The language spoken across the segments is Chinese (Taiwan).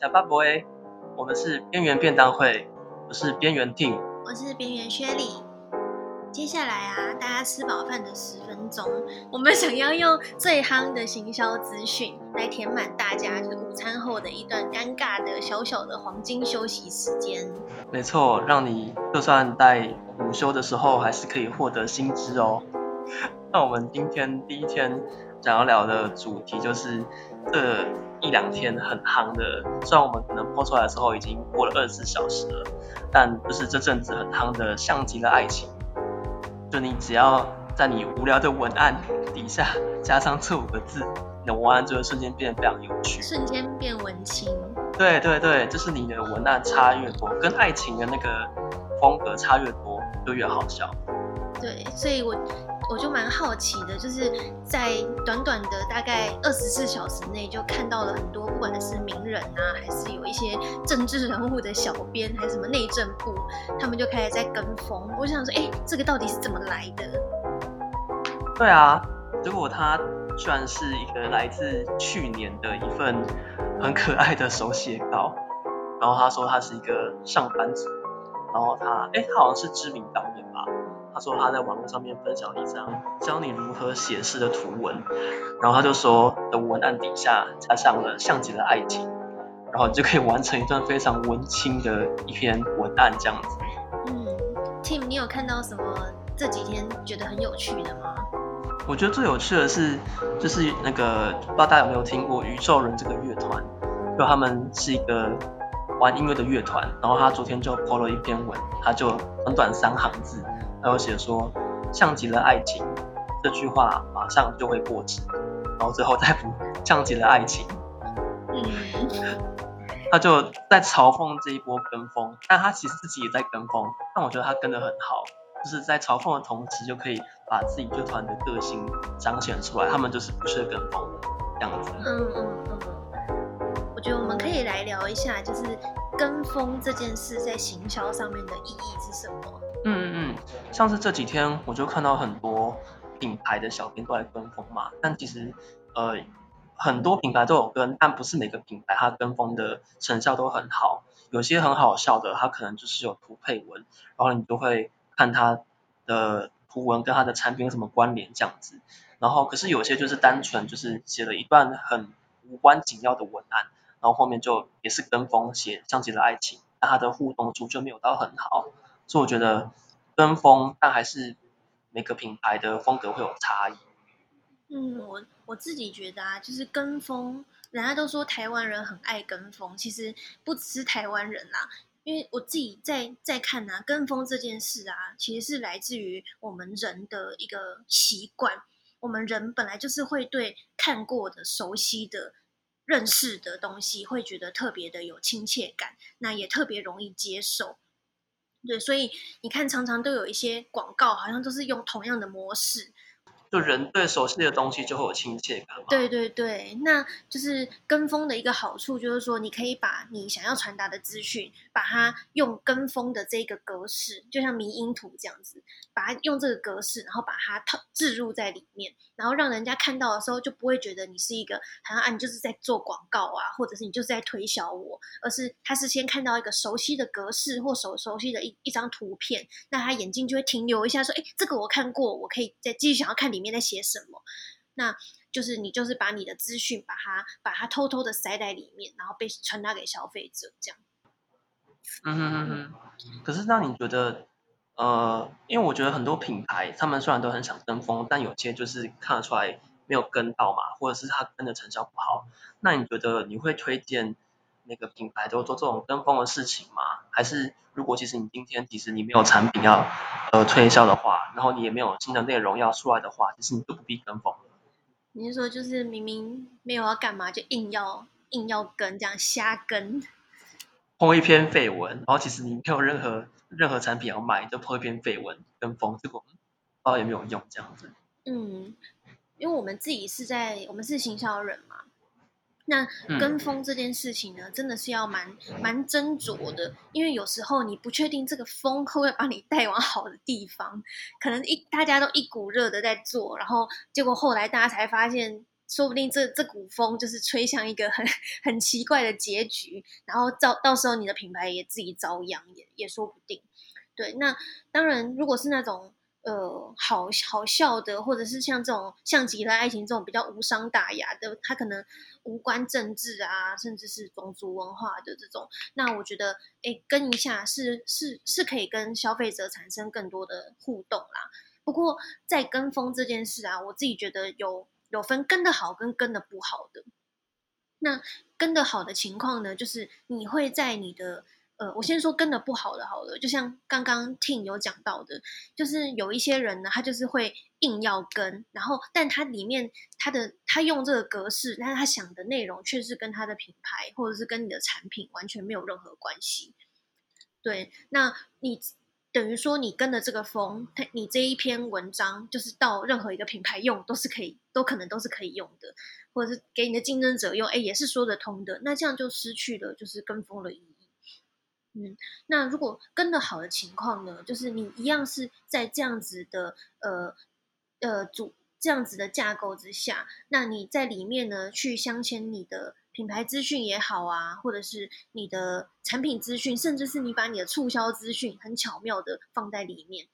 小巴博我們是邊緣便當會，我是邊緣 team，我是邊緣薛力。接下來啊，大家吃飽飯的十分鐘，我們想要用最夯的行銷資訊來填滿大家，午餐後的一段尷尬的小小的黃金休息時間。沒錯，讓你就算在午休的時候，還是可以獲得新知哦。 那我們今天第一天。想要聊的主題就是這一兩天很夯的，雖然我們可能播出來的時候已經過了二十四小時了，但就是這陣子很夯的，像極了愛情。就你只要在你無聊的文案底下加上這五個字，你的文案就會瞬間變得非常有趣，瞬間變文青。對對對，就是你的文案差越多，跟愛情的那個風格差越多，就越好笑。對，所以我。我就蠻好奇的，就是在短短的大概二十四小時內，就看到了很多，不管是名人啊，還是有一些政治人物的小編，還是什麼內政部，他們就開始在跟風。我想說，哎、欸，這個到底是怎麼來的？對啊，結果他居然是一個來自去年的一份很可愛的手寫稿，然後他說他是一個上班族，然後他，哎、欸，他好像是知名導演吧。他說他在網絡上面分享了一張教你如何寫詩的圖文，然後他就說的文案底下加上了像極了愛情，然後你就可以完成一段非常文青的一篇文案這樣子。嗯，Tim，你有看到什麼這幾天覺得很有趣的嗎？我覺得最有趣的是就是那個，不知道大家有沒有聽過宇宙人這個樂團，就他們是一個玩音樂的樂團，然後他昨天就 PO 了一篇文，他就短短三行字。他有寫說像極了愛情這句話馬上就會過期，然後最後再不像極了愛情，嗯，嗯 他就在嘲諷這一波跟風，但他其實自己也在跟風，但我覺得他跟的很好，就是在嘲諷的同時就可以把自己樂團的個性彰顯出來，他們就是不是跟風的樣子。嗯嗯嗯，我覺得我們可以來聊一下，就是跟風這件事在行銷上面的意義是什麼？嗯。像是這幾天我就看到很多品牌的小編都來跟風嘛，但其實呃，很多品牌都有跟，但不是每個品牌它跟風的成效都很好。有些很好笑的，它可能就是有圖配文，然後你就會看它的圖文跟它的產品有什麼關聯這樣子，然後可是有些就是單純就是寫了一段很無關緊要的文案，然後後面就也是跟風寫像極了愛情，但它的互動度就沒有到很好，所以我覺得。跟風，但還是每個品牌的風格會有差異。嗯，我我自己覺得啊，就是跟風。人家都說台灣人很愛跟風，其實不只是台灣人啦、啊。因為我自己在在看呢、啊，跟風這件事啊，其實是來自於我們人的一個習慣。我們人本來就是會對看過的、熟悉的、認識的東西，會覺得特別的有親切感，那也特別容易接受。對，所以你看，常常都有一些廣告，好像都是用同樣的模式。就人對熟悉的東西就會有親切感嘛。對對對，那就是跟風的一個好處，就是說你可以把你想要傳達的資訊，把它用跟風的這個格式，就像迷因圖這樣子，把它用這個格式，然後把它套置入在裡面，然後讓人家看到的時候就不會覺得你是一個好像啊你就是在做廣告啊，或者是你就是在推銷我，而是他是先看到一個熟悉的格式或熟熟悉的一一張圖片，那他眼睛就會停留一下說，說哎這個我看過，我可以再繼續想要看你。裡面在寫什麼？那就是你就是把你的資訊，把它把它偷偷的塞在裡面，然後被傳達給消費者這樣。嗯哼哼哼。嗯嗯嗯、可是那你覺得，呃，因為我覺得很多品牌，他們雖然都很想跟風，但有些就是看得出來沒有跟到嘛，或者是它跟的成效不好。那你覺得你會推薦？那個品牌，都做這種跟風的事情嗎？還是如果其實你今天其實你沒有產品要呃推銷的話，然後你也沒有新的內容要出來的話，其實你都不必跟風了。你是說就是明明沒有要幹嘛，就硬要硬要跟這樣瞎跟？破一篇廢文，然後其實你沒有任何任何產品要賣，就破一篇廢文跟風，這個不知道有沒有用這樣子？嗯，因為我們自己是在我們是行銷人嘛。那跟風這件事情呢，真的是要蠻蠻斟酌的，因為有時候你不確定這個風會不會把你帶往好的地方，可能一大家都一股熱的在做，然後結果後來大家才發現，說不定這這股風就是吹向一個很很奇怪的結局，然後到到時候你的品牌也自己遭殃，也也說不定。對，那當然，如果是那種。呃，好好笑的，或者是像這種「像極了愛情」這種比較無傷大雅的，他可能無關政治啊，甚至是種族文化的這種，那我覺得，哎、欸，跟一下是是是可以跟消費者產生更多的互動啦。不過，在跟風這件事啊，我自己覺得有有分跟的好跟跟的不好的。那跟的好的情況呢，就是你會在你的。呃，我先說跟的不好的，好了，就像剛剛 Tim 有講到的，就是有一些人呢，他就是會硬要跟，然後，但他裡面他的他用這個格式，但是他想的內容卻是跟他的品牌或者是跟你的產品完全沒有任何關係。對，那你等於說你跟的這個風，他你這一篇文章就是到任何一個品牌用都是可以，都可能都是可以用的，或者是給你的競爭者用，哎，也是說得通的。那這樣就失去了就是跟風的意義。嗯，那如果跟的好的情況呢，就是你一樣是在這樣子的呃呃主這樣子的架構之下，那你在裡面呢去鑲嵌你的品牌資訊也好啊，或者是你的產品資訊，甚至是你把你的促銷資訊很巧妙的放在裡面。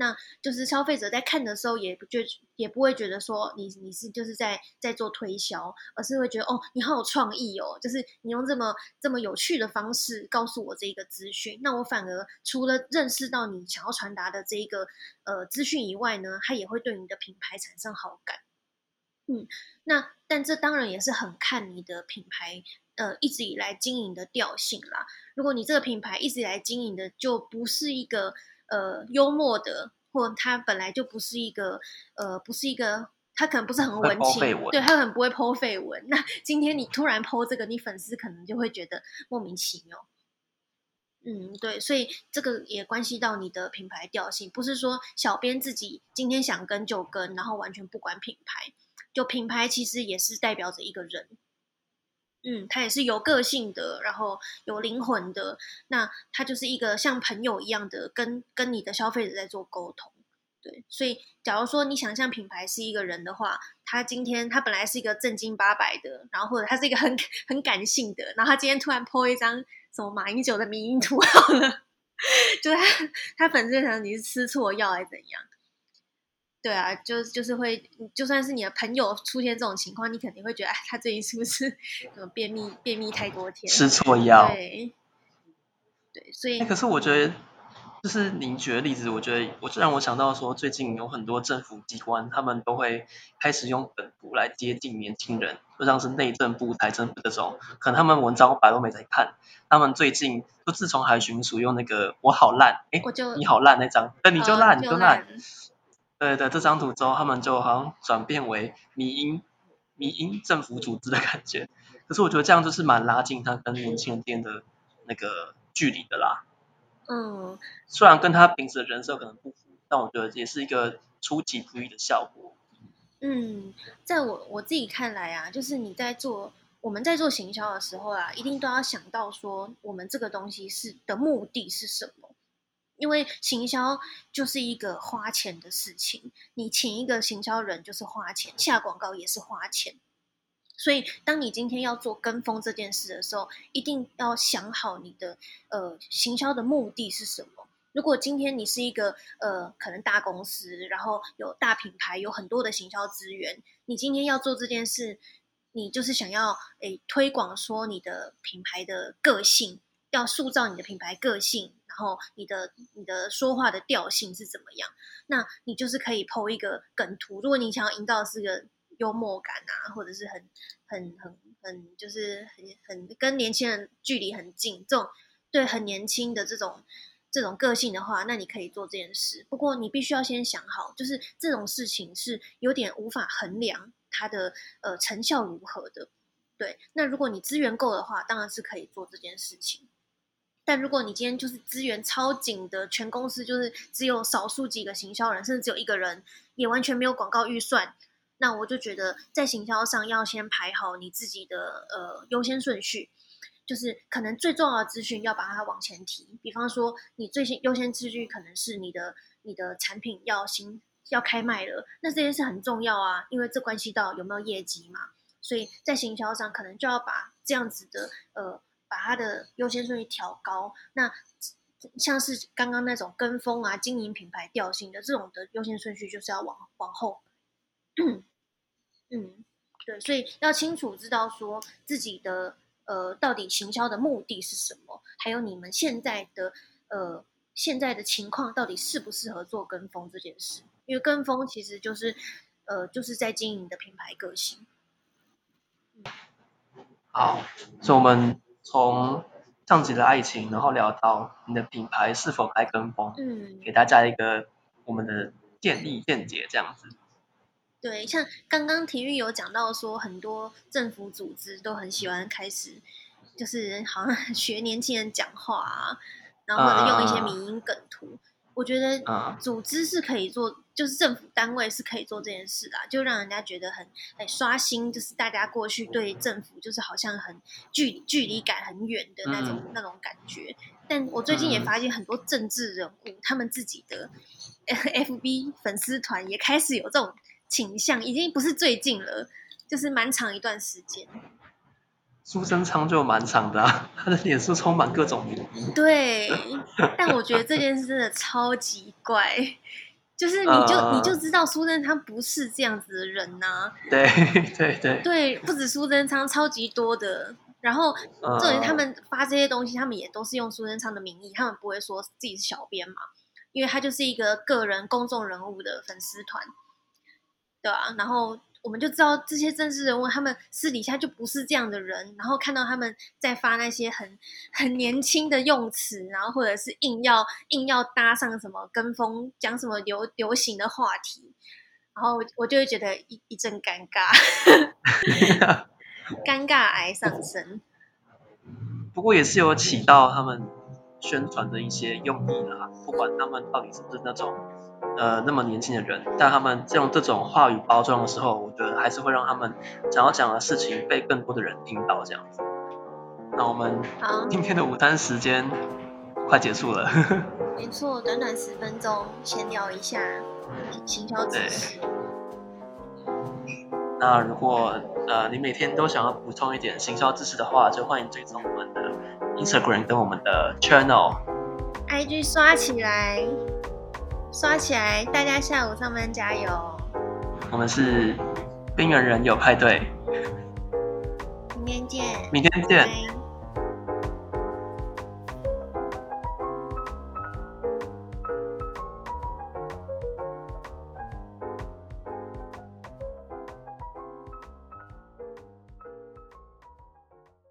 那就是消費者在看的時候也不覺，也不會覺得說你你是就是在在做推銷，而是會覺得哦，你好有創意哦，就是你用這麼這麼有趣的方式告訴我這個資訊，那我反而除了認識到你想要傳達的這個呃資訊以外呢，他也會對你的品牌產生好感。嗯，那但這當然也是很看你的品牌呃一直以來經營的調性啦。如果你這個品牌一直以來經營的就不是一個。呃，幽默的，或他本來就不是一個，呃，不是一個，他可能不是很文青，文對他可能不會 Po 廢文。那今天你突然 Po 這個，你粉絲可能就會覺得莫名其妙。嗯，對，所以這個也關係到你的品牌調性，不是說小編自己今天想跟就跟，然後完全不管品牌。就品牌其實也是代表着一個人。嗯，他也是有個性的，然後有靈魂的。那他就是一個像朋友一樣的跟，跟跟你的消費者在做溝通。對，所以假如說你想象品牌是一個人的話，他今天他本來是一個正經八百的，然後或者他是一個很很感性的，然後他今天突然 po 一張什麼馬英九的迷因圖，好了， 就是他他粉絲想你是吃錯藥還是怎樣？對啊，就就是會，就算是你的朋友出現這種情況，你肯定會覺得，哎，他最近是不是可能、嗯、便秘？便秘太多天，吃錯藥。對，對，所以、欸。可是我覺得，就是您舉的例子，我覺得我就讓我想到說，最近有很多政府機關，他們都會開始用本部來接近年輕人，就像是內政部、財政部這種，可能他們文章我本來都沒在看，他們最近就自從海巡署用那個“我好爛”，哎、欸，我就你好爛那張，哎、欸，嗯、你就爛，就爛你就爛。對對，這張圖之後，他們就好像轉變為迷因迷因政府組織的感覺。可是我覺得這樣就是蠻拉近他跟年輕人間的那個距離的啦。嗯，雖然跟他平時的人設可能不符，但我覺得也是一個出其不意的效果。嗯，在我我自己看來啊，就是你在做我們在做行銷的時候啊，一定都要想到說，我們這個東西是的目的是什麼。因為行銷就是一個花錢的事情，你請一個行銷人就是花錢，下廣告也是花錢。所以，當你今天要做跟風這件事的時候，一定要想好你的呃行銷的目的是什麼？如果今天你是一個呃可能大公司，然後有大品牌，有很多的行銷資源，你今天要做這件事，你就是想要誒、欸、推廣說你的品牌的個性。要塑造你的品牌個性，然後你的你的說話的調性是怎麼樣？那你就是可以 PO 一個梗圖。如果你想要營造的是個幽默感啊，或者是很很很很就是很很跟年輕人距離很近這種對很年輕的這種這種個性的話，那你可以做這件事。不過你必須要先想好，就是這種事情是有點無法衡量它的呃成效如何的。對，那如果你資源夠的話，當然是可以做這件事情。但如果你今天就是資源超緊的，全公司就是只有少數幾個行銷人，甚至只有一個人，也完全沒有廣告預算，那我就覺得在行銷上要先排好你自己的呃優先順序，就是可能最重要的資訊要把它往前提。比方說，你最先優先次序可能是你的你的產品要新要開賣了，那這件事很重要啊，因為這關係到有沒有業績嘛。所以在行銷上可能就要把這樣子的呃。把它的優先順序調高。那像是剛剛那種跟風啊、經營品牌調性的這種的優先順序，就是要往往後。 嗯，對，所以要清楚知道說自己的呃，到底行銷的目的是什麼，還有你們現在的呃，現在的情況到底適不適合做跟風這件事？因為跟風其實就是呃，就是在經營你的品牌個性。嗯、好，所以我們。從像極了的愛情，然後聊到你的品牌是否該跟風，嗯，給大家一個我們的建議見解這樣子。對，像剛剛體育有講到說，很多政府組織都很喜歡開始，就是好像學年輕人講話啊，然後或者用一些迷因梗圖。嗯我覺得啊，組織是可以做，uh, 就是政府單位是可以做這件事的，啊，就讓人家覺得很、很、哎、刷新，就是大家過去對政府就是好像很距離、距離感很遠的那種、uh, 那種感覺。但我最近也發現很多政治人物、uh, 他們自己的 FB 粉絲團也開始有這種傾向，已經不是最近了，就是蠻長一段時間。蘇貞昌就蠻長的、啊，他的臉書充滿各種原因。對，但我覺得這件事真的超級怪， 就是你就、呃、你就知道蘇貞昌不是這樣子的人吶、啊。對對對對，不止蘇貞昌，超級多的。然後這種、呃、他們發這些東西，他們也都是用蘇貞昌的名義，他們不會說自己是小編嘛，因為他就是一個個人公眾人物的粉絲團，對啊，然後。我們就知道這些政治人物，他們私底下就不是這樣的人。然後看到他們在發那些很很年輕的用詞，然後或者是硬要硬要搭上什麼跟風，講什麼流流行的話題，然後我就會覺得一一陣尷尬，尷尬癌上身。不過也是有起到他們宣傳的一些用意啦、啊，不管他們到底是不是那種。呃，那麼年輕的人，但他們用這種話語包裝的時候，我覺得還是會讓他們想要講的事情被更多的人聽到。這樣子，那我們今天的午餐時間快結束了。沒錯，短短十分鐘先聊一下行銷知識。那如果呃你每天都想要補充一點行銷知識的話，就歡迎追蹤我們的 Instagram 跟我們的 Channel，IG 刷起來。刷起來！大家下午上班加油。我們是邊緣人有派對，明天見，明天見。Okay.